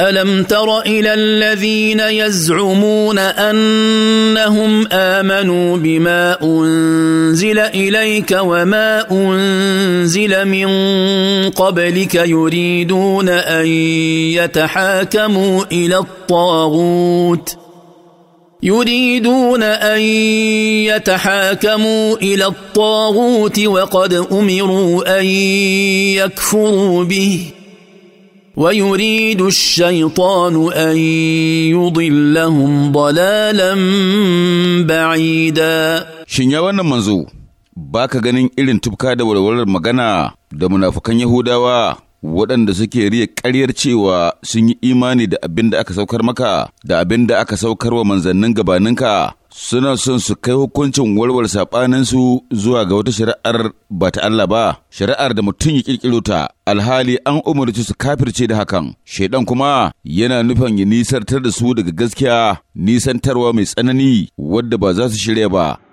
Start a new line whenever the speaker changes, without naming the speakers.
الم تر الى الذين يزعمون انهم امنوا بما انزل اليك وما انزل من قبلك يريدون ان يتحاكموا الى الطاغوت يريدون ان يتحاكموا الى الطاغوت وقد امروا ان يكفروا به ويريد الشيطان ان يضلهم ضلالا
بعيدا shin ya wannan manzo ba ka ganin irin tufka da walwalar magana da munafukan yahudawa waɗanda suke riya ƙaryar cewa sun yi imani da abin da aka saukar maka da abin da aka saukar wa manzannin gabaninka suna son su kai hukuncin warwar saɓaninsu zuwa ga wata shari'ar ba ta Allah ba shari'ar da mutum ya ƙirƙiro ta alhali an umarci su kafirce da hakan shaidan kuma yana nufin ya nisartar da su daga gaskiya nisantarwa mai tsanani wadda ba za su shirya ba